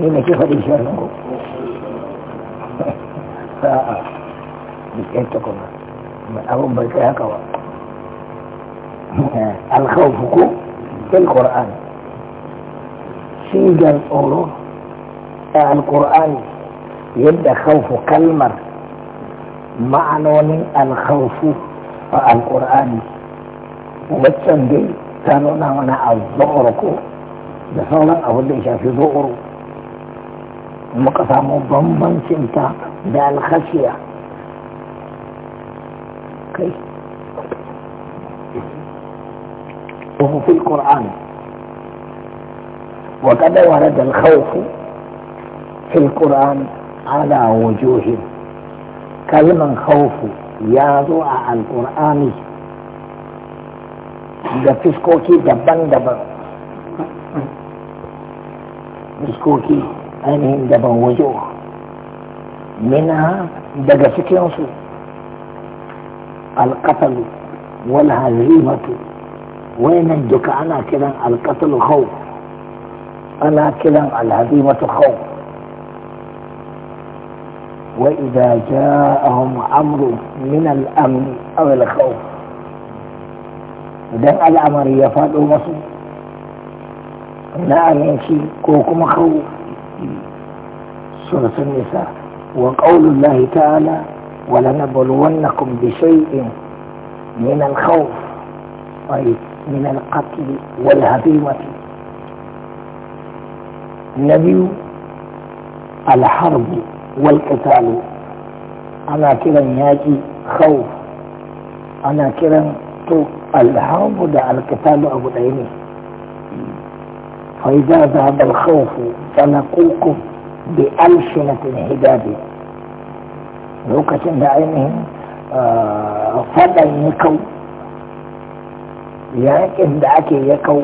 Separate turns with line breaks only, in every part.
فإن شيخ ابن شاهد أقول بكيتكم أقول بكي هكوا الخوف في القرآن سيجا الأورو القرآن يبدا خوف كلمر معنون الخوف القرآن ومتسن دي كانوا نعنا الظهركو ده صلاة أهل إيشا في ظهره مقطع مضمن سنتا دال خشية وهو في القرآن وقد ورد الخوف في القرآن على وجوه كلمة خوف يا على القرآن دفسكوكي دبان دبان مسكوكي هذه دابا هو جوه منها دابا سيكيونسو القتل والهزيمة وين عندك أنا كذا القتل خوف أنا كذا الهزيمة خوف وإذا جاءهم أمر من الأمن أو الخوف دم الأمر يفعل مصر لا نعم أمشي كوكو مخوف سورة النساء وقول الله تعالى ولنبلونكم بشيء من الخوف أي من القتل والهزيمة نبي الحرب والقتال أنا كلا ياجي خوف أنا كلا الحرب ده القتال أبو ديني فإذا ذهب الخوف فنقوكم بألسنة الحجاب لوكة دائمهم آه، فضا يكو يعني إن دعك يكو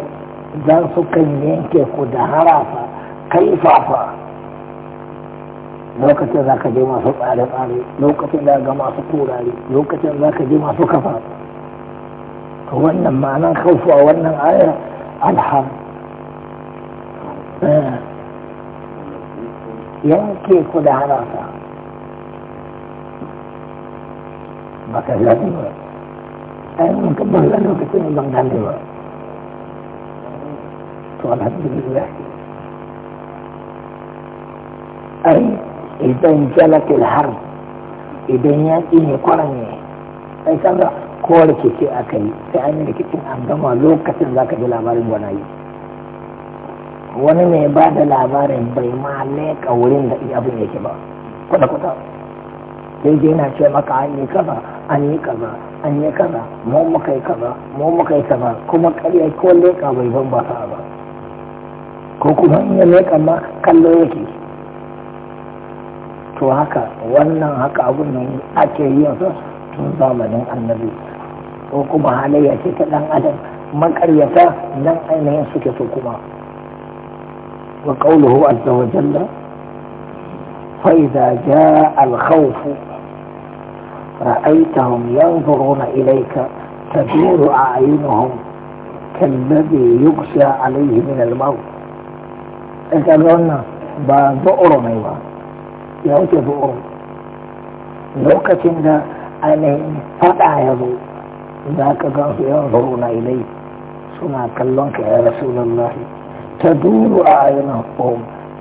ذان سكن ينك قدهرا فكيف فا روكة ذاك جمع سوك عالم آلي روكة ذاك جمع سكور آلي روكة ذاك جمع سكفا وأن معنى الخوف وأن آية الحرب Eh. yanke ku da hana ka ba ka zaɓi ba ai mun ka ban ga lokacin da ban gane ba to alhamdulillah ai idan jalakil har idan ƙi ne kwaran ne ai kaga kowar keke aka yi sai an yi rikicin an gama lokacin za ka ji labarin gwanayi wani mai ba da labarin bai ma leƙa wurin da abin yake ba kwata-kwata sai dai na ce maka an yi kaza an yi kaza an yi kaza mu muka yi kaza mu muka yi kaza kuma karya ko leƙa bai ban ba ba ko kuma in ya leƙa ma kallo yake to haka wannan haka abun nan ake yi sa tun zamanin annabi ko kuma halayya ce ta ɗan adam makaryata nan ainihin suke so kuma وقوله عز وجل فإذا جاء الخوف رأيتهم ينظرون إليك تدور أعينهم كالذي يقشى عليه من الموت أنت أدرنا بأدؤر ميوى يوجد دؤر لوكة أن فتع يضو ذاك ينظرون إليه سنة كلونك يا رسول الله تدور أعينهم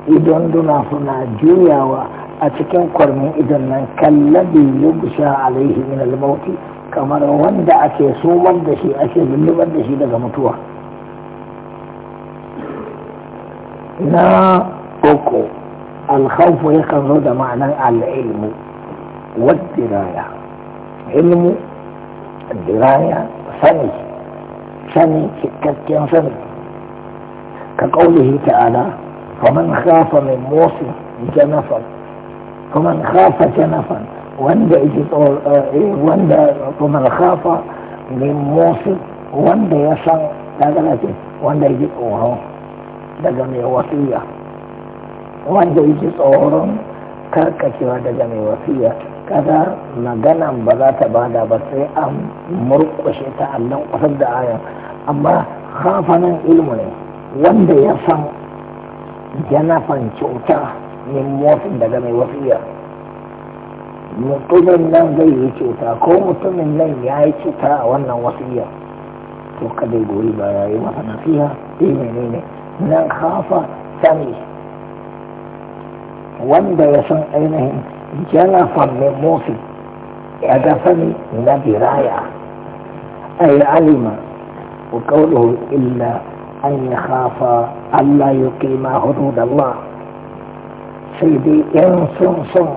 إذن دون هنا جويا وأتكن قرمي إذن من كالذي يبشى عليه من الموت كما لو وندع كيسو مبدشي أشي بلو مبدشي لغا متوى نا أكو الخوف يقن رد معنى العلم والدراية علم الدراية سني سني كتكين سني كقوله تعالى فمن خاف من موص جنفا فمن خاف جنفا wanda wanda kuma khafa min musu wanda ya san daga ce wanda daga mai wasiya wanda yake tsoron karkacewa daga mai wasiya kaga maganan ba za ta bada ba sai an murkushe ta allon kusur da ayan amma khafa nan ilmu ne wanda ya san janafan kyauta ne motsin daga mai wasiya mutumin nan zai yi cuta ko mutumin nan ya yi cuta a wannan wasiya to kada goyi ba ya yi masa nasiha sai menene nan hafa sani wanda ya san ainihin janafan mai mofi ya ga sani na biraya ai alima wa qawluhu illa أن يخاف ألا يقيم حدود الله سيدي إن صم صم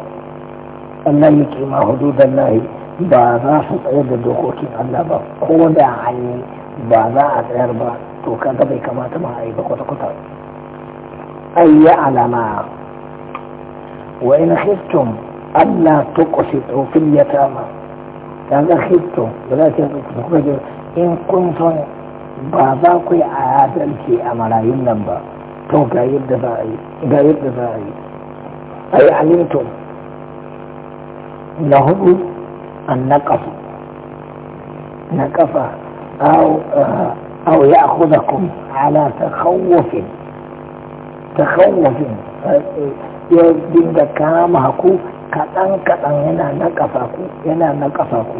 ألا يقيم حدود الله بعد راسط عيد دخوكي ألا بقود عني بعد أربع توكا دبي كما تما أي بقود قطر أي علماء وإن خفتم ألا تقسطوا في اليتامى كان خفتم ولكن إن كنتم ba za ku yi adalci a marayun nan ba to ga yadda za a yi ga yadda za a yi ai alimtum na hudu an na kafa na kafa au ya akuza kun ala ta khawafin ta khawafin ya dinga kama ku kaɗan kaɗan yana na kafa ku yana na kafa ku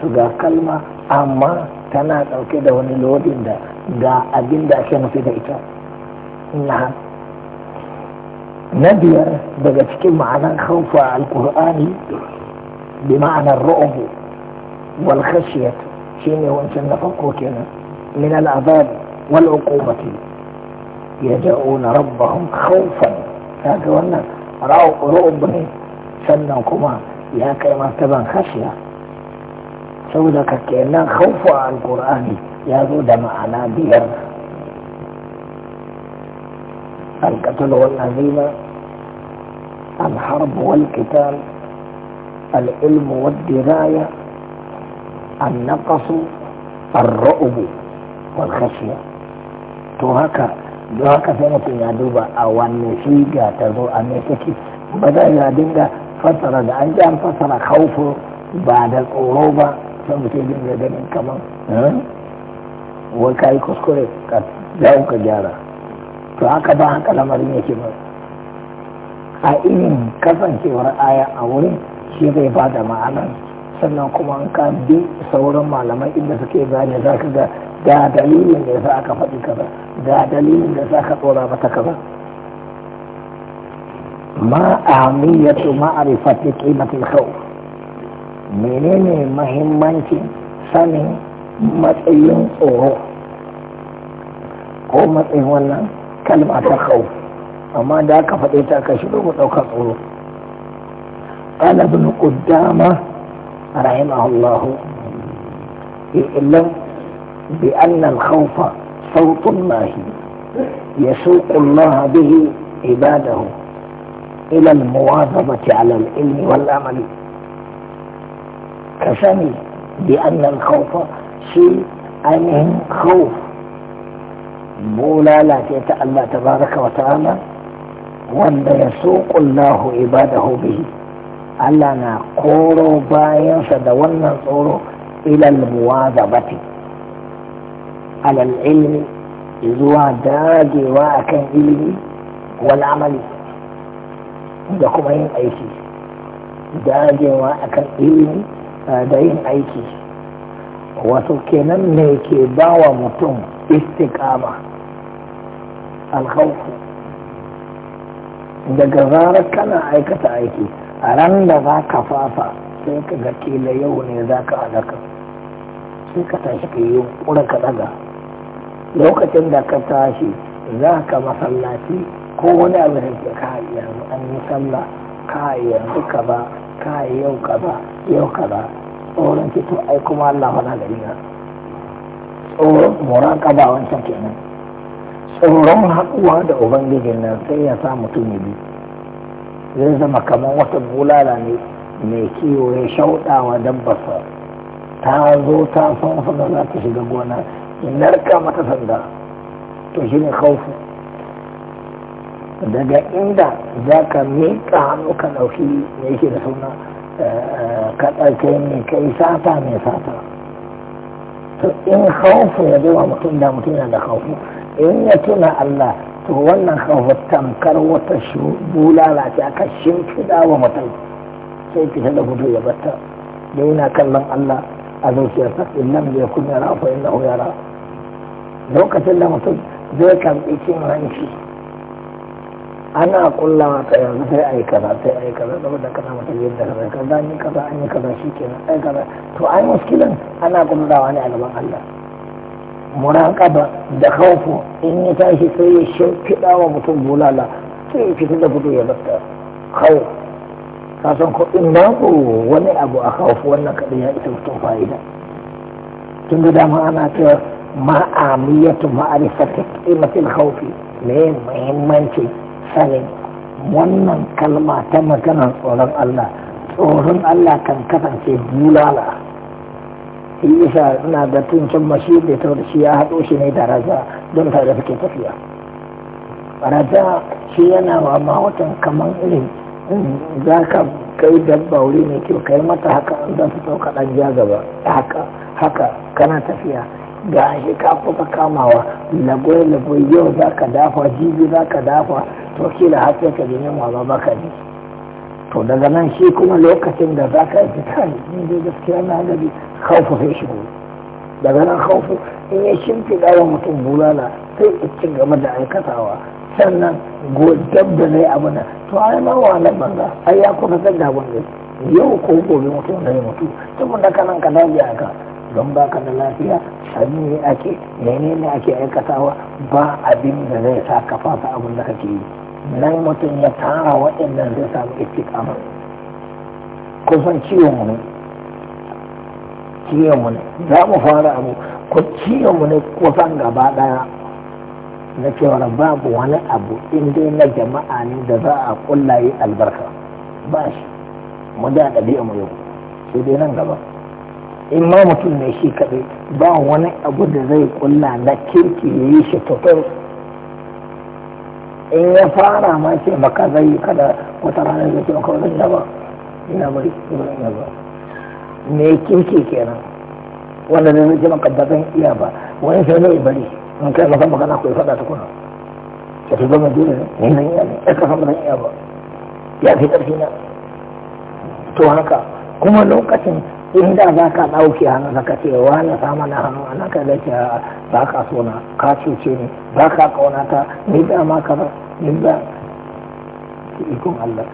su ga kalma amma tana ɗauke da wani lodin da ga abin da ake nufi da ita na na biyar daga cikin ma'anar haufa alkur'ani bi ma'anar ru'ubu wal khashiyat shine wancan na farko kenan min al azab wal uqubati yad'una rabbahum khawfan kaga wannan ru'ub ne sannan kuma ya kai martaban khashiya saboda ka kenan haufu a alkur'ani ya zo da ma'ana biyar القتل والعزيمة الحرب والقتال العلم والدراية النقص الرؤب والخشية تهكا دوهكا سنة يا دوبا أو النسيجة تزو أميتك بدأ يا دينجا فترة أنجام فترة خوف بعد الأوروبا sai mutum jin zai ganin kamar eh, wai ka yi kuskure ka dawo ka gyara to haka ba haka lamarin yake ba a irin kasancewar aya a wurin shi zai ba da ma'ana sannan kuma an ka bi sauran malamai inda suke gane za ka ga ga dalilin da za ka faɗi kaza ga dalilin da za ka tsora mata kaza ma amiyatu ma'arifati qimatil khawf menene mahimmancin sanin matsayin tsoro ko matsayin wannan kalma ta kawo amma da aka faɗe ta ka shigo mu ɗaukar tsoro ɗalibin ƙuddama a rahim allahu ya bi annan haufa sautun nahi ya suƙun laha bihi ibadahu ilal muwazabati alal ilmi wal كفني بأن الخوف شيء أنهم خوف مولا لا تتألى تبارك وتعالى وان يسوق الله عباده به ألا نقور بايا سدونا الصور إلى المواظبة على العلم زوا داجي واكن علمي والعمل عندكم ين أيسي داجي واكن علمي da yin aiki wato kenan ne ke ba wa mutum istikama alkhawfu daga zarar kana aikata aiki a ran da za ka fafa sai ka ga kila yau ne za ka alaka sai ka tashi ka yi yunƙura ka daga lokacin da ka tashi za ka masallaci ko wani abu da ke ka yanzu an yi sallah ka yanzu ka ba ka yau ka ba yau ka ba tsoron ce to ai kuma Allah na da
tsoron moran kaba
wancan kenan tsoron haɗuwa da ubangijin nan sai ya sa mutum ya bi zai zama kamar wata bulala ne mai kiwo ya shauɗawa dabbarsa ta zo ta san sanda za ta shiga gona in narka mata sanda to shi ne kaufu daga inda za ka miƙa hannu ka ɗauki mai yake da suna ke ne kai safa mai sata to in haufu ya zama mutum da mutum yana da haufu in ya tuna Allah to wannan haufu tamkar wata bulala ce aka shimfiɗa wa mutum sai fita da gudu ya bata da yana kallon Allah a zuciyarsa in lam ya kun yara fa innahu yara lokacin da mutum zai karɓi cin hanci ana kullawa ta yanzu sai a yi kaza sai a yi kaza saboda kaza mata yadda kaza kaza an kaza an yi kaza shi nan ai kaza to ai muskilin ana kullawa ne a gaban Allah muraƙaba da khawfu in ya tashi sai ya shimfiɗa wa mutum bulala sai ya fito da fito ya batta khawf ka san ko in ba ku wani abu a khawfu wannan kaɗai ya isa mutum fa'ida tun da dama ana cewa ma'amiyatu ma'arifatu qimatil khawfi me muhimmanci salim wannan kalma ta maganar tsoron Allah tsoron Allah kan kasance bulala shi isa ina da tun can mashi da ta shi ya haɗo shi ne da raja don tare suke tafiya raja shi yana wa mawatan kaman irin za ka kai dabba wuri mai kyau kai mata haka za su ɗauka ɗan ja gaba haka haka kana tafiya ga shi ka fuka kamawa lagoi-lagoi yau za ka dafa jibi za ka dafa to shi da sai ka jini ma ba baka ne to daga nan shi kuma lokacin da za ka yi kai ni ne gaskiya na gari haufu sai shi daga nan haufu in ya shimfiɗa wa mutum bulala sai ya ci gaba da aikatawa sannan godab da zai abu na to yi mawa wahalar banza ai ya kuma san yau ko gobe mutum zai mutu saboda kanan ka dage ka. don baka da lafiya sannu ne ake ne ne ake aikatawa ba abin da zai sa ka fasa abin da kake yi nan mutum ya tara waɗannan zai samu istiqama kusan ciwon mu ne ciwon mu ne za mu fara abu ko ciwon mu ne kusan gaba ɗaya na cewa babu wani abu in na jama'a ne da za a kullaye albarka ba shi mu da ɗabi'a mu yau sai dai nan gaba in ma mutum ne shi kaɗai ba wani abu da zai kulla na kirki ya yi shi tutur in ya fara ma ce maka zai yi kada wata rana zai ce maka wani daba ina bari ina ya ba me kirki kenan wanda zai ce maka da zan iya ba wani sai zai bari in kai maka magana ku faɗa kuna ka fi zama dole ne zan iya ne ka san ba zan iya ba ya fi ƙarfi na to haka kuma lokacin inda za ka ɗauke hannu ka ce wa na sa mana hannu ana ka da ce ba ka so na ka cuce ni ba ka ƙauna ta ni da ma ka ni da ki ikon Allah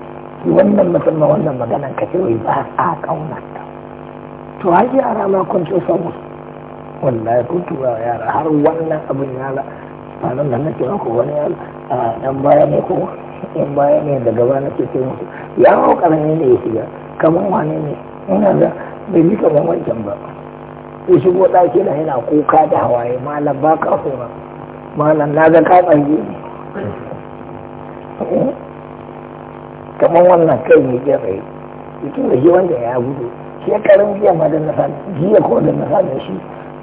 wannan musamman wannan maganan ka ce wai ba a ƙauna ta to har yara ma kun ce samu wallahi kun tura yara har wannan abin yara ba nan da nake ko wani yara a ɗan baya ne ko in baya ne daga baya nake ce musu yaro ƙarami ne ya shiga kamar wane ne ina da bai yi kamar wancan ba shi ko ɗaki na yana kuka da hawaye malam ba ka hura malam na ga ka tsange ne kamar wannan kai ne ya tsaye cikin da shi wanda ya gudu shekarun jiya ma da nasa jiya ko da nasa da shi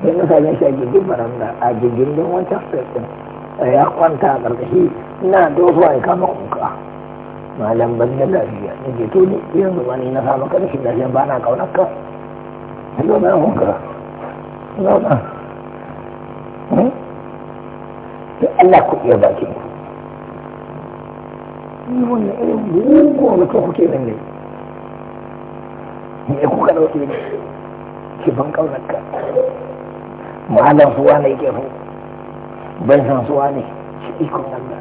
da nasa da shi a gindin baranda a gindin don wancan sassan ya kwanta a ƙarƙashi ina dosuwa ya kama kuka malam ban da lafiya ne ke to ne yanzu ba ne na samu da shi ba na ƙaunar ka Hello na hunka. Hello na. Hmm? Da Allah ku iya baki. Ni wannan irin mugu na kan kuke nan yi? Me kuka dauke ne? Ki ban kaunarka. Malam suwa ne ke fu. Ban san suwa ne. Shi ikon Allah.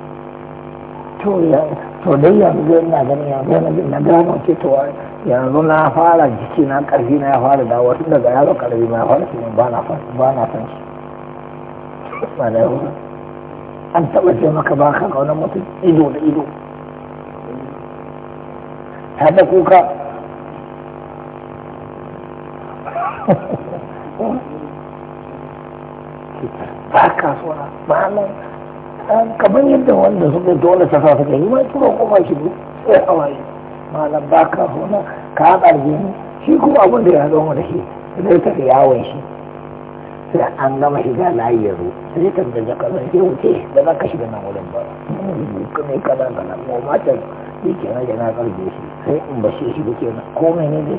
To ya to dai ya zo ina ganin ya zo na gano ke to yanzu na fara jiki na karfi na ya fara dawo tun daga yaro karfi na fara shi ba na san ba na san shi ba na yau an taba ce maka ba ka kaunar mutum ido da ido ta da kuka ba ka suna na ba na kamar yadda wanda suka dole ta sa suka yi ma tura kuma shi ne sai hawaye malam ba ka hona ka ƙarfi ne shi kuma abin da ya zo mu da shi zai tafi yawon shi sai an gama shiga layi ya zo sai ta da zaka zai sai wuce da zaka shiga nan wurin ba kuma kaza kaza mu ma ta ke kenan da na ƙarfi shi sai in ba shi da ko mene ne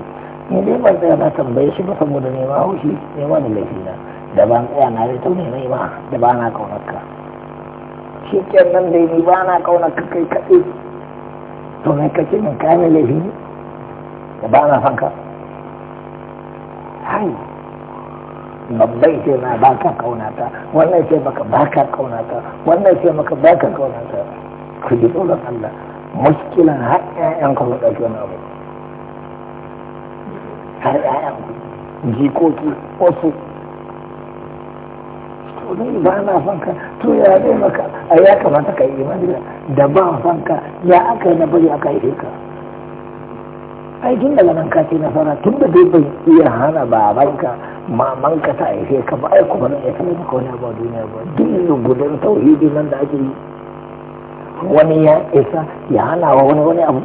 ne dai ban tsaya na tambaye shi ba saboda nema haushi nema da laifi na da ban tsaya na da tauni mai ma da ba na kaunar ka shi nan dai ni ba na kaunar ka kai kaɗai to mai kake min kame laifi ne da ba na fanka hai babbai ce na baka kaunata wannan ce maka baka kaunata wannan ce maka baka kaunata ku ji tsoron Allah muskilan har ƴaƴan ku ɗauki wani abu har ƴaƴan ku jikoki wasu kuɗi ba na son ka to ya zai maka a ya kamata ka yi imani da ba son ka ya aka yi na bari aka yi ka ai tun daga nan ka ce nasara tun da dai bai iya hana babanka mamanka ta haife ka ba ai kuma ya sanar maka wani abu a duniya ba gudun tauhidi nan da ake yi wani ya isa ya hana wa wani wani abu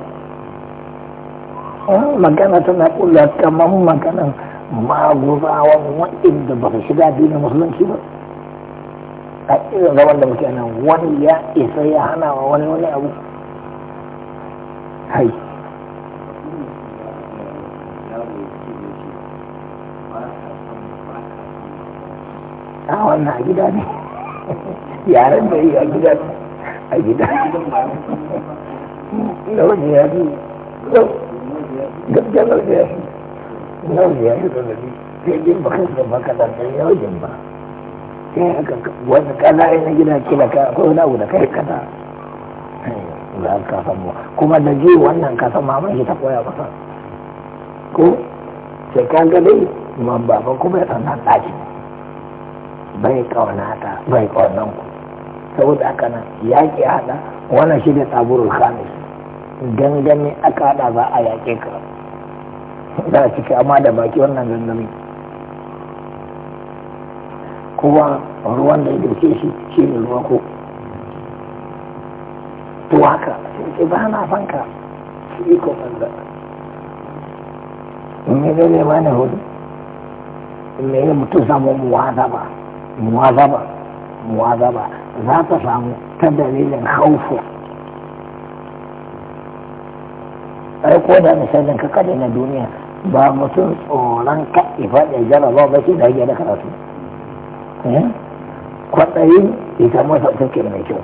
ah, magana tana kula kamar maganan maguzawan waɗanda ba su shiga dinin musulunci ba a irin zaman da muke nan wani ya isa ya hana wa wani wani abu hai a wannan a gida ne yaren da yi a gida ne a gida launi ya fi gaskiya lauje ya fi launi ya fi da launi sai dai baka da baka da yau ya fi wani kaza ya na gina kila ka akwai wani abu da kai kaza za ka samu kuma da ji wannan ka san maman shi ta koya masa ko sai ka ga dai man baba kuma ya san ɗaki bai kaunata bai kaunan ku saboda haka nan yaƙi haɗa wannan shi ne tsaburul khamis gangami aka haɗa za a yaƙe ka za a ciki amma da baki wannan gangami kowa ruwan da ya dauke shi shi ne ruwa ko to haka sai ba na fanka ka shi iko banza in ya zai ba na hudu in ya mutum samu ba muwaza ba. za ta samu ta dalilin haufu ai ko da misalin ka na duniya ba mutum tsoron ka ifa da jarraba ba shi da ya da karatu Eh? kwaɗayi ita masa take mai kyau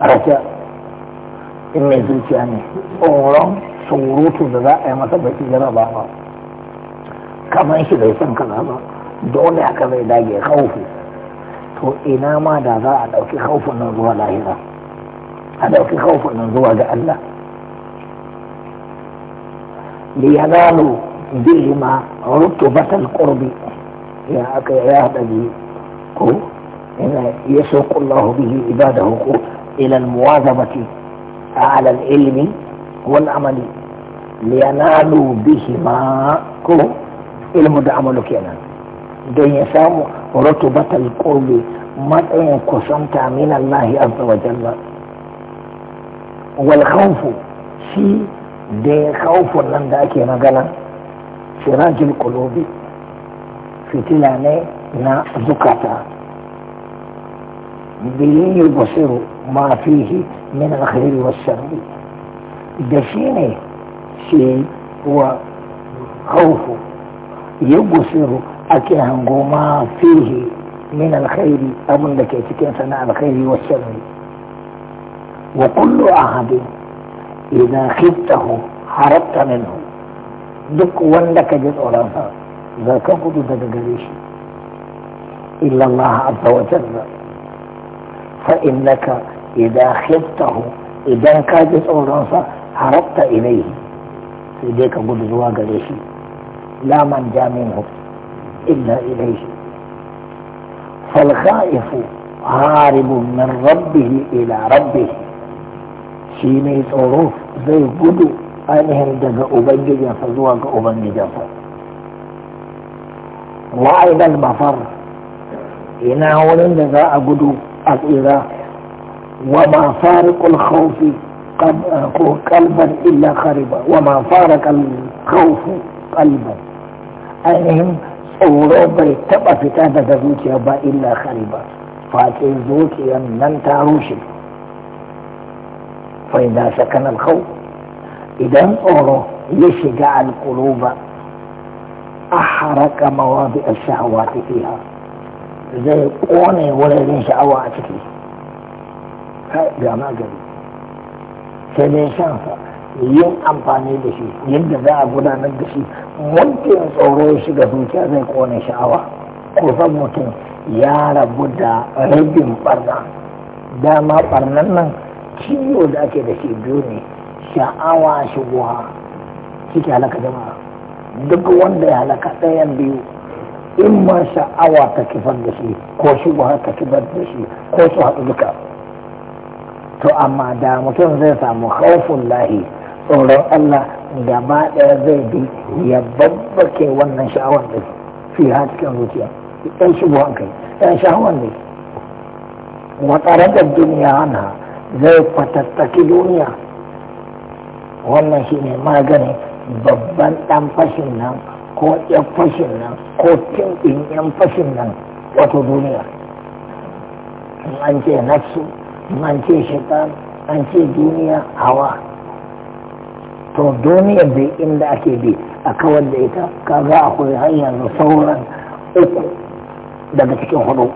rasha in mai zuciya ne tsoron surutu da za a yi masa baki jira ba ba kamar shi bai san kaza ba dole aka zai dage kaufu to ina ma da za a ɗauki kaufun nan zuwa lahira a ɗauki kaufun nan zuwa ga Allah liyanalu bihima rutubatal qurbi ya aka ya haɗa biyu ko يسوق الله به عباده إلى المواظبة على العلم والعمل لينالوا بهما علم العمل كنا دين يسام رتبة القرب مدعين كسنت من الله عز وجل والخوف في دين خوف لن داكي مغانا سراج القلوب فتلاني نا زكاتا به يبصر ما فيه من الخير والشر دشيني شيء هو خوف يبصر أكيهم ما فيه من الخير أظن لك كيف سنع الخير والشر وكل أحد إذا خفته حربت منه دك ولك جد أولاها ذاك قد إلا الله عز وجل فإنك إذا خبته إذا أو أورانسا هربت إليه سيديك قد زواج ليش لا من جاء منه إلا إليه فالخائف هارب من ربه إلى ربه شيني tsoro زي قدو ainihin daga ubangijinsa zuwa ga ubangijinsa wa'idal mafar ina wurin da za a الإله وما فارق الخوف قلبا إلا خربا وما فارق الخوف قلبا أيهم صوروا بيتبع في تهدى ذوكي أبا إلا خربا فاتي ذوكي أنن تاروشي فإذا سكن الخوف إذا أورو يشجع القلوب أحرك مواضع الشهوات فيها zai kone wurin sha'awa a ciki ga magani sai dai shan yin amfani da shi yadda za a gudanar da shi mutum tsoro shi ga zuciya zai kone sha'awa kusan mutum ya rabu da rabin barna dama barnan nan ciwo da ake da shi biyu ne sha'awa shigowa ciki halaka jama'a duk wanda ya halaka ɗayan biyu in ma sha'awa ka kifar da shi ko shubha ka kifar da shi ko su haɗu duka to amma da mutum zai samu haufun lahi tsoron Allah gaba ɗaya zai bi ya babbake wannan sha'awar da fi ha cikin zuciya ɗan shubhan kai ɗan sha'awar ne wa tsare da duniya hana zai fatattaki duniya wannan shi ne maganin babban ɗan fashin nan ko yan fashin nan ko kin ɗin yan fashin nan wato duniya an ce nafsu an ce shaitan an ce duniya hawa to duniya bai inda ake bi a kawar da ita a akwai hanyar da sauran uku daga cikin hudu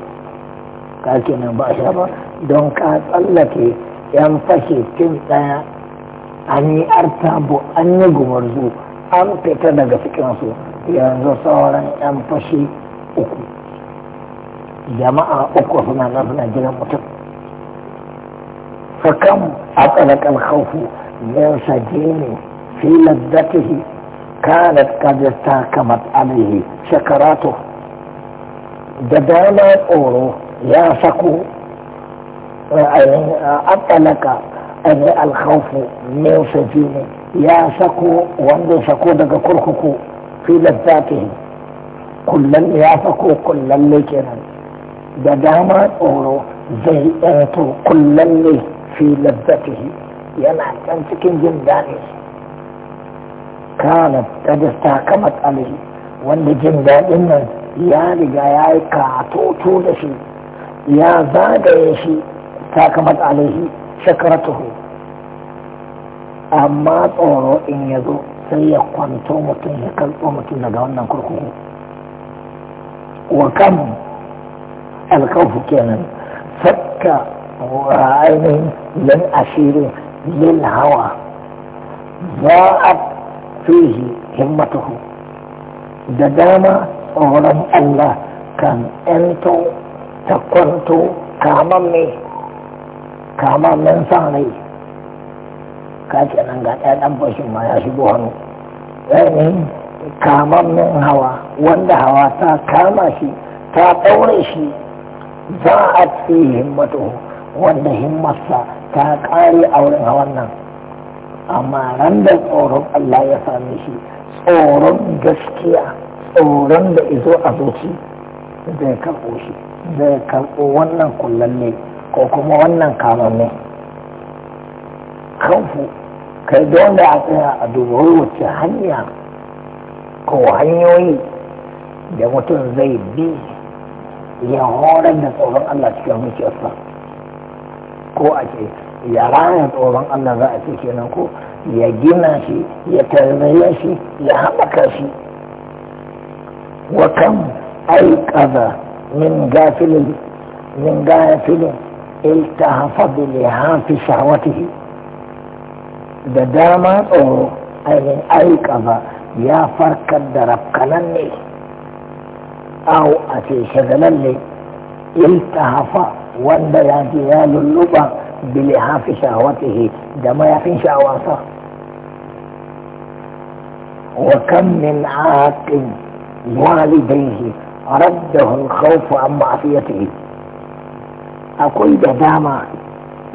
ka ce nan ba sha ba don ka tsallake yan fashe kin ɗaya an yi bu an yi gumurzu an fita daga cikinsu yanzu sauran 'yan fashi uku jama'a uku suna nan suna jiran mutum فكم أطلق الخوف من سجين في لذته كانت قد استحكمت عليه شكراته ددانا أورو يا سكو الخوف من سجين يافكوا وانظر فكوا دقا كركوكو في لذاته كلا يافكوا كلا ليكنا دداما اولو زي اعطوا كلا لي في لذاته يلا تنسكن جنداني كانت تدستا كمت عليه واند جنداني يا لغا يا ايكا توتو لشي يا زاد ايشي تاكمت عليه شكرته amma tsoro in ya zo sai ya kwanto mutum ya kaltso mutum daga wannan kurkuku wa kan alkawfu kenan saka wa ainihin ashirin lil hawa Za a fihi himmatuhu da dama tsoron Allah kan ‘yanto ta kwanto kamar mai kamar min san rai ka ce nan ga ɗaya ɗan fashin ma ya shigo hannu ɗanin kamar min hawa wanda hawa ta kama shi ta ɗaure shi za a ce himmatu wanda himmarsa ta ƙare a wurin hawan nan amma ran da tsoron Allah ya same shi tsoron gaskiya tsoron da izo a zuci zai karɓo shi zai karɓo wannan ne ko kuma wannan ne. kanfu kai da wanda a tsaya a duba wacce hanya ko hanyoyi da mutum zai bi ya horar da tsoron Allah cikin zuciyarsa ko a ce ya rana tsoron Allah za a ce kenan ko ya gina shi ya tarbiyya shi ya haɓaka shi wakan kam min gafilin min gafilin iltahafa bi lihafi shahwatihi da dama tsoro ainihin ayyuka ba ya farkar da rafkanan ne aw a ce shagalan ne iltahafa wanda ya je ya lulluɓa bilihafi shawatihi da mayafin shawarsa wa kam min aqin walidaihi raddahu al-khawf an ma'siyatihi akwai da dama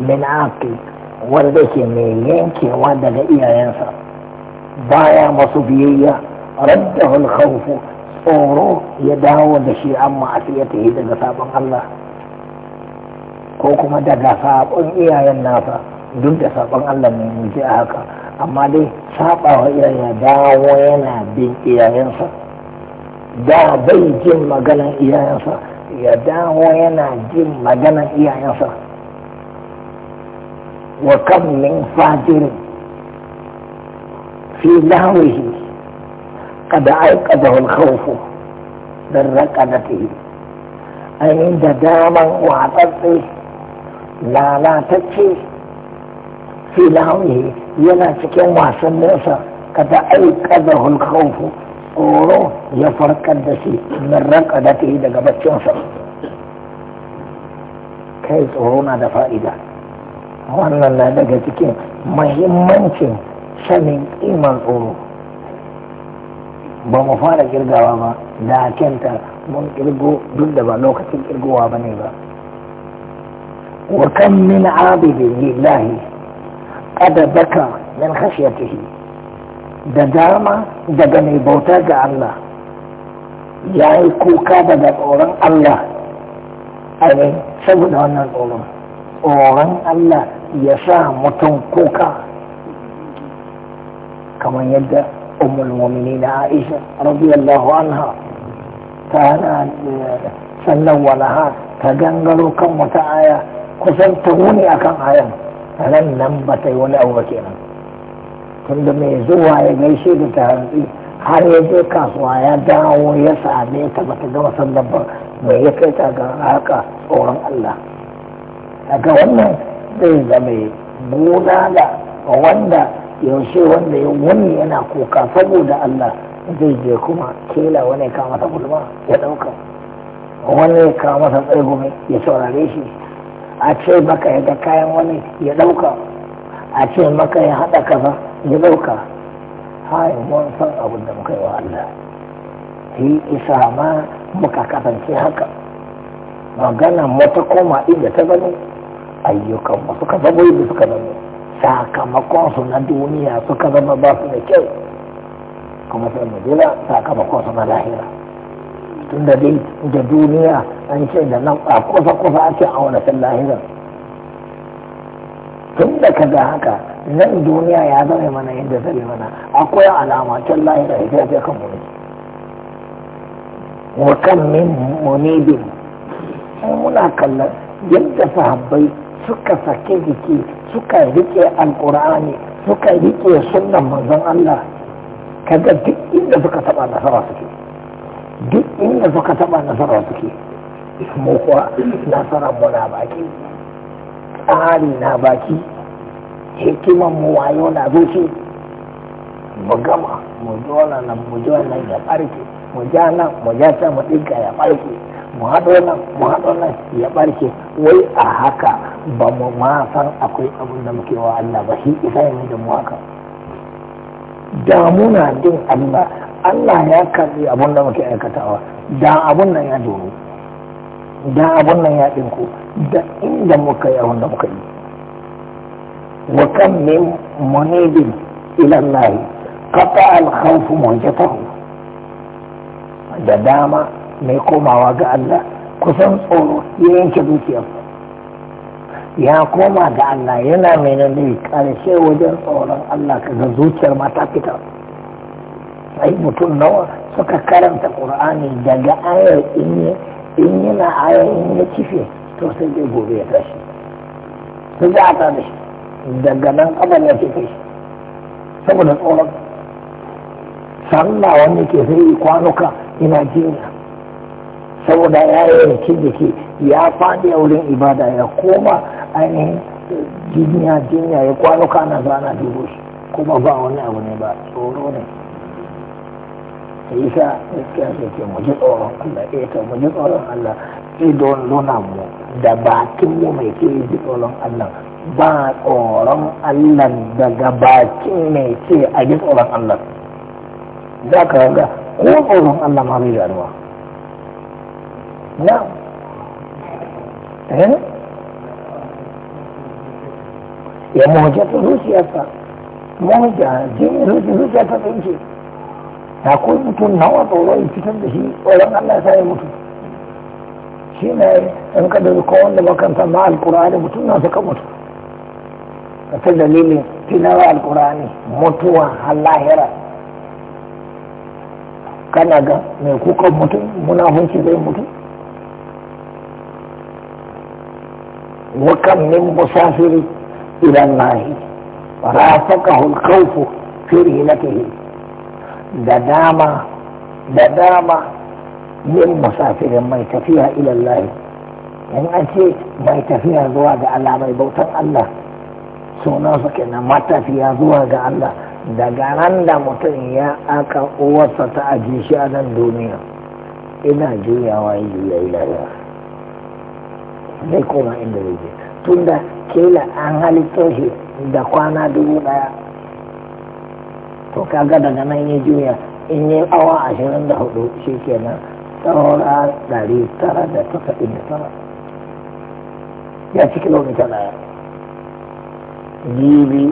min aqin wanda ke mai yankewa daga iyayensa baya masu biyayya raddahul khawfu tsoro ya dawo da shi amma a ya tafi daga sabon Allah ko kuma daga sabon iyayen nasa duk da sabon Allah ne mu ji a haka amma dai sabawa iyayen dawo yana bin iyayensa da bai jin maganan iyayensa ya dawo yana jin maganan iyayensa وكم من فاجر في لهوه قد أيقظه الخوف من ركبته عند داما وعطفه لا لا تكفي في لهوه ينا سكين واسم نوسى قد أيقظه الخوف قولوا يفرق الدسي من ركبته لقبت شنسا كيف هنا دفائدات wannan na daga cikin mahimmancin sanin iman tsoro ba mu fara kirgawa ba da kenta mun kirgo duk da ba lokacin kirgowa ba ne ba wa kan min abidin lillahi kada baka min khashiyatihi da dama daga mai bauta ga Allah ya yi kuka daga tsoron Allah a saboda wannan tsoron tsoron Allah ya sa mutum kuka kamar yadda umul na Aisha radiyallahu anha ta hana eh, sannan walaha ta gangaro kan wata aya kusan ta wuni kan ayan ran nan ba ta yi wani abu ba kenan tunda mai zuwa ya gaishe da ta hantsi har ya je kasuwa ya dawo ya same ta ba ta gama sallar ba mai ya kai ta ga haka tsoron Allah daga wannan zai zama gona da wanda yaushe wanda ya wani yana kuka saboda Allah zai je kuma kela wani kama masa gulma ya ɗauka wani ya kama masa tsirgume ya saurare shi a ce maka ya ga kayan wani ya ɗauka a ce maka ya haɗa kafa ya ɗauka hai mun san abin da muka yi wa Allah shi isa ma muka kasance haka magana mata ta koma inda ta gani. ayyukanmu suka zama yi suka zama sakamakonsu na duniya suka zama ba su da kyau kuma sai mu jira sakamakonsu na lahira tun da da duniya an ce da nan a kusa kusa ake auna sun lahira tun da ka ga haka nan duniya ya zama mana yadda zai mana akwai alama can lahira ya fi kan mu wa kan min munibin muna kallon yadda sahabbai suka sake jiki suka rike alkur'ani suka rike sunan manzon Allah kaga duk inda suka taba nasara suke duk inda suka taba nasara suke mu kuwa nasara mu na baki tsari na baki hikiman mu wayo na zuci mu gama mu zo na mu zo ya barke mu ja mu ja mu dinka ya barke mu haɗo nan mu haɗo nan ya ɓarke wai a haka ba mu ma san akwai abin da muke wa Allah ba shi isa ya da mu haka da muna din Allah Allah ya karbi abin da muke aikatawa da abin nan ya doru da abin nan ya ɗinku da inda muka yi abin da muka yi wa kan min munibin ilan Allah qata al mu mujatahu da dama mai komawa ga Allah kusan tsoro ya yanke dukiyar ya koma ga Allah yana mai nan ƙarshe wajen tsoron Allah ka ga zuciyar mata fitar sai mutum nawa suka karanta ƙur'ani daga ayar in yana ayar in ya cife to sai zai gobe ya tashi su za a da shi daga nan abin ya cife shi saboda tsoron sallah wani ke sai kwanuka ina jinya saboda ya yi da ke ya faɗi a wurin ibada ya koma ainihin jinya jinya ya kwanuka na zana dubo shi kuma ba wani abu ne ba tsoro ne isa gaskiya sai ce mu ji tsoron Allah ya eh ta muji tsoron Allah idon luna mu da bakin mu mai ke yi tsoron Allah ba tsoron Allah daga bakin mai ce a yi tsoron Allah za ka ga ko tsoron Allah ma bai garuwa نعم هنا يا موجة روسيا فا موجة جين روسيا روسيا فا تنشي akwai mutum nawa a ya fitar da shi tsoron Allah ya ya mutu shi ne in ka da ko wanda makanta ma alkur'ani mutum na suka mutu a ta dalilin tilawa alkur'ani mutuwa halahira kana ga mai kukan mutum munafunci zai mutu وكم من مسافر إلى الله رافقه الخوف في da dama دداما من mai tafiya يتفيها إلى الله in an ce mai tafiya zuwa ga Allah bautan Allah suna su kenan matafiya zuwa ga Allah daga ran da mutum ya aka uwarsa ta ajiye shi a nan duniya ina juyawa yi juyayi lahira zai koma inda zai je tunda kila an halitto shi da kwana dubu daya to kaga daga nan ya juya in yi awa ashirin da hudu shi nan tsawara dari tara da tuka da tara ya ci kilomita daya jibi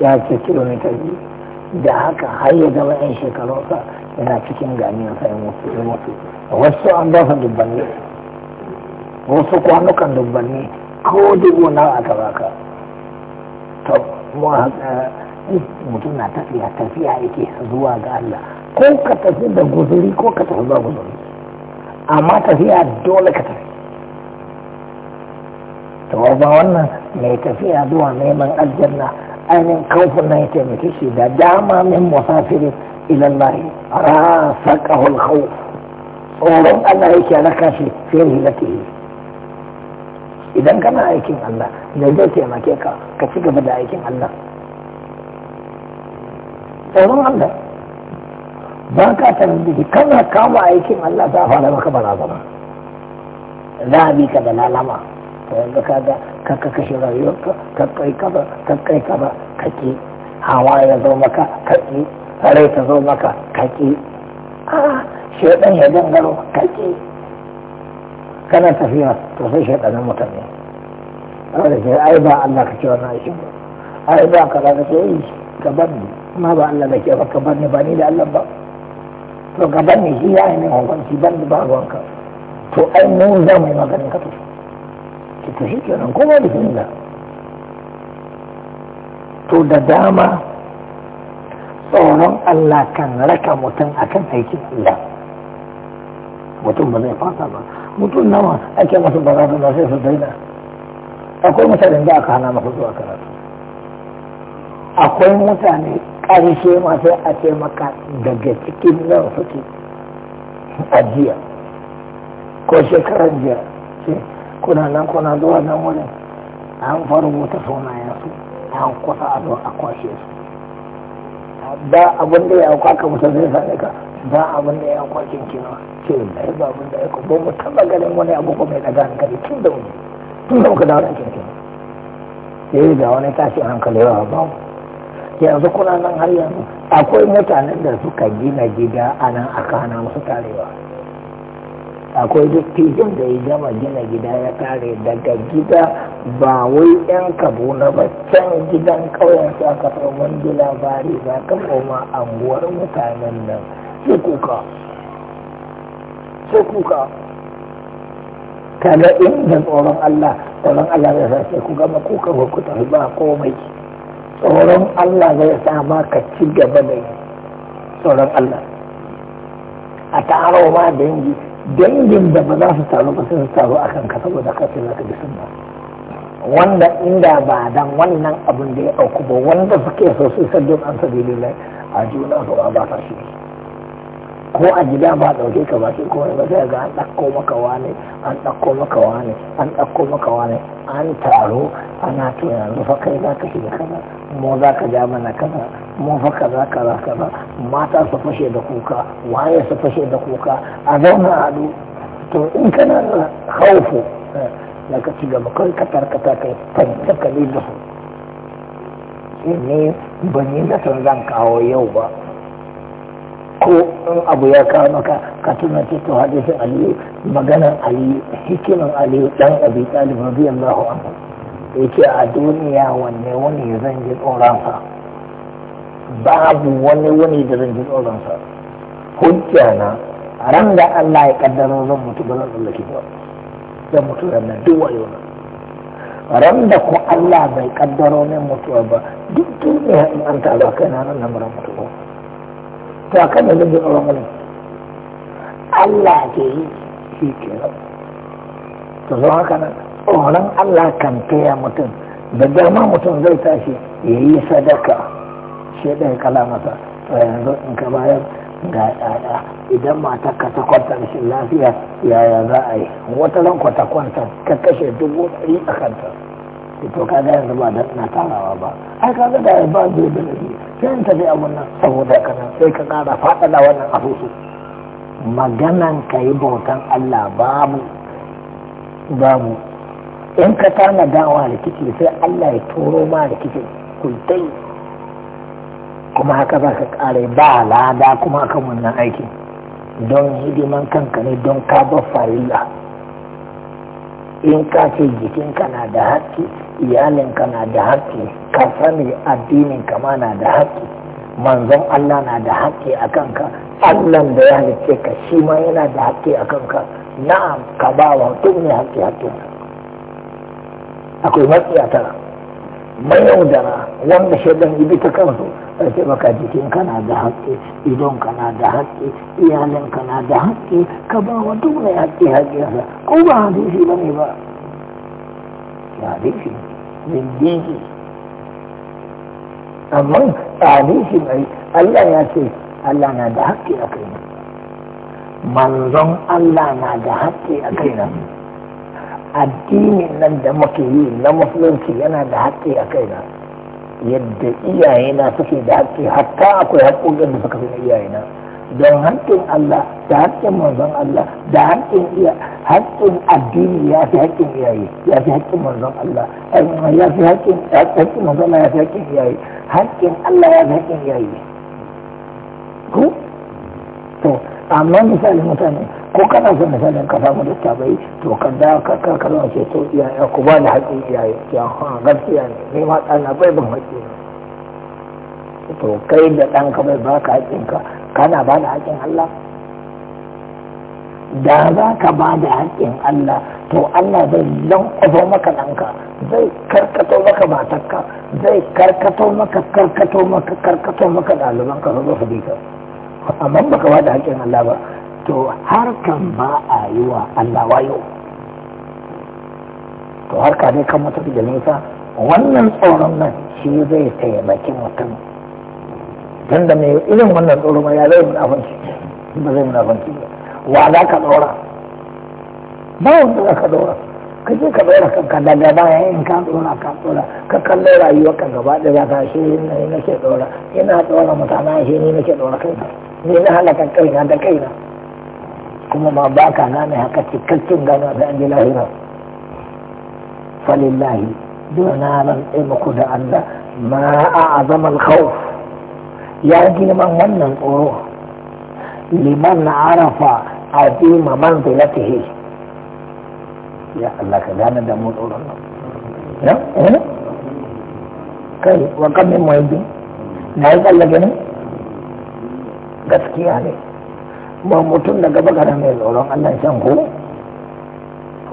ya ci kilomita biyu da haka har ya zama yan shekarunsa yana cikin ganiyar sayan wasu wasu an dafa dubban ne wasu kwanukan dubbanni ko dubu na aka baka to mu mutum na tafiya tafiya yake zuwa ga Allah ko ka tafi da guzuri ko ka tafi ba guzuri amma tafiya dole ka tafi to ba wannan mai tafiya zuwa neman aljanna ainihin kamfin na ya taimake shi da dama min musafirin ilallahi rasaqahu al-khawf
tsoron Allah yake
raka shi fi hilatihi idan kana aikin Allah da zai taimake ka ka ci gaba da aikin Allah tsoron Allah ba ka tambayi kana kama aikin Allah ta fara maka barazana za a bi ka da lalama to yanzu ka ga ka kashe rayuwarka ka kai ba ka kai ba ka ki hawa ya zo maka ka ki rai ta zo maka ka ki a shaidan ya dangaro ka ki kana tafiya to sai shaɗanin mutane
A wanda ke ai ba
Allah ka ce wannan aikin ba ai ba ka ka ce yi ka bar ni kuma ba Allah da ke ba ka bar ni ba ni da Allah ba to ka bar ni shi ya yi min hukunci ban da ba ruwanka to ai mu za mu yi maganin ka to ki to shi kenan kuma da kinga to da dama tsoron Allah kan raka mutum akan aikin Allah mutum ba zai fasa ba mutum nawa ake masu barazana sai su daina akwai mutane da aka hana masu zuwa karatu akwai mutane ƙarshe ma sai a ce maka daga cikin nan suke ajiya ko shekaran jiya ce kuna nan kuna zuwa nan wani an faru mota sunayen su an kusa a zo a kwashe su da abin da ya auka ka zai same ka da abin da ya auka kinkina ce ya ba abin da ya ku mu taba ganin wani abu ko mai daga hankali tun da wani tun da muka dawo da ya yi da wani tashi hankali yawa ba yanzu kuna nan har yanzu akwai mutanen da suka gina gida a nan aka hana musu tarewa akwai dattijan da ya gama gina gida ya kare daga gida ba wai yan na ba can gidan ƙauyen sa ka tsohon ji labari za ka koma anguwar mutanen nan sai kuka sai kuka kaga inda tsoron Allah tsoron Allah zai sa sai ku gama kuka ba ku tafi ba komai tsoron Allah zai sa ma ka ci gaba da yi tsoron Allah a taro ma dangi dangin da ba za su taru ba sai su taru a kanka saboda ka ce za ka bi sunna wanda inda ba dan wannan abin da ya auku ba wanda suke so su san don an sabilillah a juna ba ba ta shi ko a gida ba dauke ka ba shi ne ba sai ga an ɗauko maka wane an ɗauko maka wane an ɗauko maka wane an taro ana to yanzu fa kai za ka shiga kaza mu za ka ja mana kaza mu fa ka raka ba mata su fashe da kuka waye su fashe da kuka a zauna a du to in kana da khaufu da eh, ka ci gaba kai katar kata kai fanta ka da su ne ban yi da zan kawo yau ba ko in abu ya kawo maka ka tuna ce to hadisin aliyu maganan aliyu hikiman aliyu dan abi talib radiyallahu anhu yake a duniya wanne wani zan ji tsoronsa babu wani wani da zan ji tsoronsa hujja na ran da Allah ya kaddaro zan mutu ba zan tsallake ba zan mutu ran nan duk wayo na ran da ko Allah bai kaddaro ne mutuwa ba duk duniya in an taro kai na ran nan mutu ba ta kada da zuwa wani Allah ke yi shi ke to zo haka nan tsoron Allah kan taya mutum da dama mutum zai tashi ya yi sadaka shi ɗaya kala masa to yanzu in ka bayar ga ɗaya idan matar ka ta kwanta rashin lafiya yaya za a yi wata ran kwata kwanta ka kashe dubu ɗari a kanta to ka ga yanzu ba da ina tarawa ba ai ka ga da ba zai da sai tafi je abun nan saboda ka sai ka kara faɗaɗa wannan su maganan ka yi bautan Allah babu babu in ka tana dawa rikici sai Allah ya turo ma rikici kultai kuma haka za ka kare ba lada kuma akan wannan aikin don hidiman kanka ne don ka bar in ka ce jikinka na da haƙƙi iyalinka na da haƙƙi ka sani addinin kama na da haƙƙi manzon Allah na da haƙƙi a kanka Allah da ya halicce ka shi ma yana da haƙƙi a kanka na'am ka ba wa duk ne haƙƙi haƙƙinsa akwai tara. mayaudara wanda shaidan ibi ta kansu a ce maka jikin kana da haƙƙi idon kana da haƙƙi iyalin kana da haƙƙi ka ba wa duk mai haƙƙi haƙƙinsa ko ba hadisi ba ne ba hadisi zindigi amma hadisi mai Allah ya ce Allah na da haƙƙi a kaina manzon Allah na da haƙƙi a kaina addinin nan da muke yi na musulunci yana da haƙƙi a na. yadda na, suke da haƙƙi hatta akwai haƙƙoƙin da suka fi na iyayena don haƙƙin Allah da haƙƙin manzon Allah da haƙƙin iya haƙƙin addini ya fi haƙƙin iyaye ya fi haƙƙin manzon Allah ya fi haƙƙin haƙƙin manzon Allah ya fi haƙƙin iyaye haƙƙin Allah ya fi haƙƙin iyaye ko to amma misali mutane ko kana son da sanin ka samu littafai to ka da ka ka ka zama ce to iyaye ku ba da haƙƙin iyaye ya ha gaskiya ne ni ma ɗana bai ban haƙƙi to kai da ɗanka bai baka haƙƙinka kana ba da haƙƙin Allah da za ka ba da haƙƙin Allah to Allah zai lankwafo maka ɗanka zai karkato maka matakka, zai karkato maka karkato maka karkato maka ɗalibanka su zo su bi ka amma baka ba da haƙƙin Allah ba to harkan ba a yi wa Allah wayo to harka ne kan mutum da nisa
wannan tsoron
nan shi zai taimaki mutum don da mai irin wannan tsoron ma ya zai munafanci ba zai munafanci ba wa za ka tsora ba wanda za ka tsora ka je ka tsora kanka daga baya in ka tsora ka tsora ka kalli rayuwar ka gaba da za ka shi ne nake tsora ina tsora mutane shi ne nake tsora kai ne na halaka kaina da kaina kuma ma ba ka gane haka cikakken gano da an ji lahira falillahi dona ran muku da Allah ma a azamal khawf ya girman wannan tsoro liman na arafa azima manzilatihi ya Allah ka gane da mu tsoron nan ya eh? kai wa kamin muhaibin na yi tsallage ne gaskiya ne ba mutum daga bakara mai tsoron Allah shan ko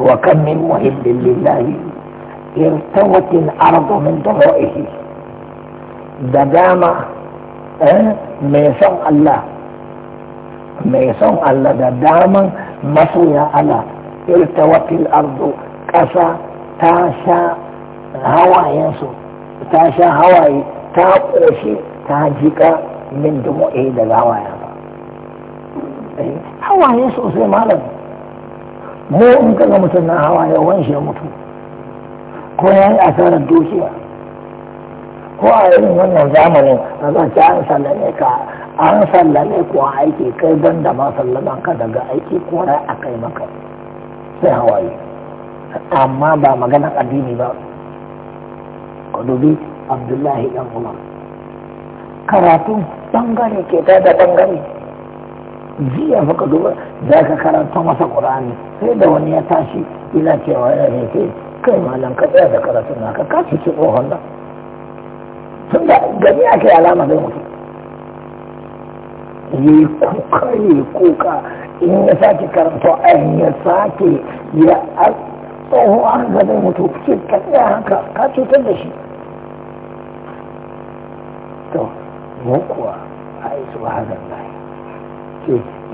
wa kan min muhibbin lillahi in tawatin ardu min dawa'ihi da dama eh, mai son Allah mai son Allah da daman masoya Allah irtawatil ardu ƙasa ta sha hawayensu ta sha hawaye ta ƙoshi ta jika min da da hawayen hawaye sosai malam mu in kaga mutum na hawaye wanshe mutu ko ya yi asarar dukiya
ko a irin wannan
zamanin a zance an sallame ka an sallame ko aiki kai ban da ma sallaman ka daga aiki ko rai a kai maka sai hawaye amma ba maganar addini ba ku dubi abdullahi dan umar karatun bangare ke da bangare jiya fa ka duba za ka karanta masa ƙur'ani sai da wani ya tashi ina cewa ya ke kai malam ka tsaya da karatun na ka ci tsohon nan tun da gani ake alama zai mutu yi kuka yi kuka in ya sake karanta ayin ya sake ya tsohu an ga zai mutu ce ka tsaya haka ka cutar da shi to mu kuwa a su ba hazan layi ce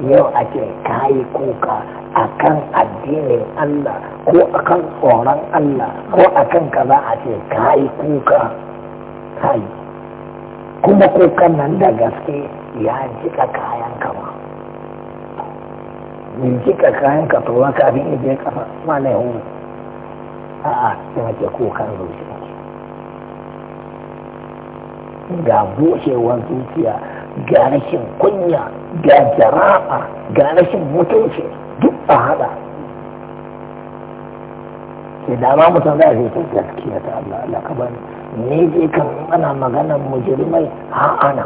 yau ake kayi kuka a kan addinin Allah ko a kan tsoron Allah ko a kan za a ce kayi kuka kai kuma kukan nan da gaske ya jika kayan kama bai jika kayan ka tura kafin ije kafa ma na yau a sai ke kukan zuciya ga bushewar zuciya ga rashin kunya ga jara'a ga rashin mutunci duk a hada ke dama mutum za a ta gaskiya ta Allah Allah ka bani ne je kan ana maganan mujrimai ha ana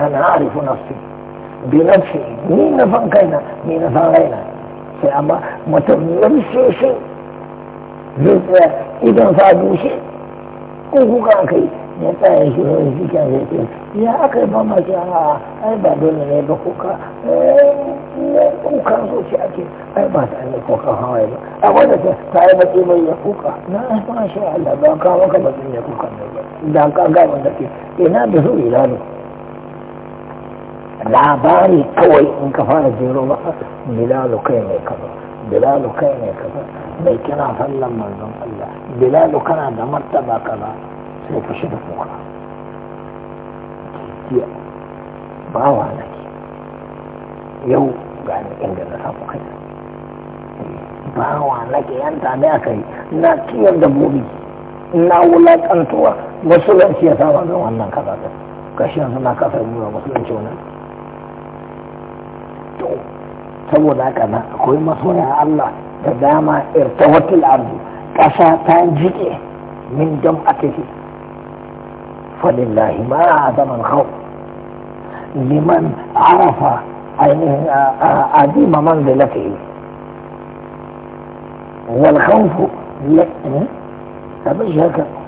ana arifu nafsi bi nafsi ni na fan kaina ni na san raina sai amma mutum lamshe shi zai tsaya idan sa dushe ko kuka kai ya tsaya shi ya yi shi ya ya aka yi ba masu a ai ba dole ne ba kuka ne eh, kuka so shi ake ai ba ta ne kuka hawaye ba a wanda ta ta yi matsi mai ya kuka na ai ma shi Allah ba ka ba matsi ya kuka ne ba da ka ga wanda ke ina da su ila ne labari kawai in ka fara jero ba bilalu kai mai kaza bilalu kai mai kaza bai kira sallan manzon Allah bilalu kana da martaba kaza ya fushi da kuka jiya ba wa nake yau ga ni inda na samu kai ba wa nake yan yanta a kai na ciyar da buri na wulaƙantuwa musulunci ya saba min wannan kaza ɗin kashi yanzu na kasa yi wa musulunci wannan to saboda haka na akwai masoya Allah da dama irtawatul ardu ƙasa ta jike min dam ake فلله ما عدم الخوف لمن عرف عديم منزلته والخوف لا مش هكذا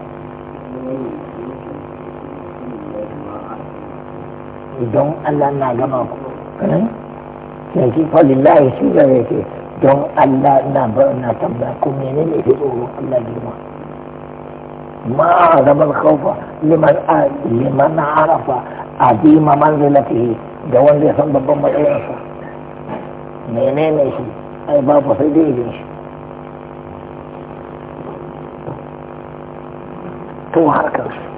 don Allah na gama ku yake falillahi shi ga yake don Allah na bar na tambaya ku menene ne fi tsoro Allah girma ما عذب الخوف لمن آل لمن عرف عظيم منزلته da wanda ya san babban matsayinsa menene shi ai babu sai dai irin shi to harkar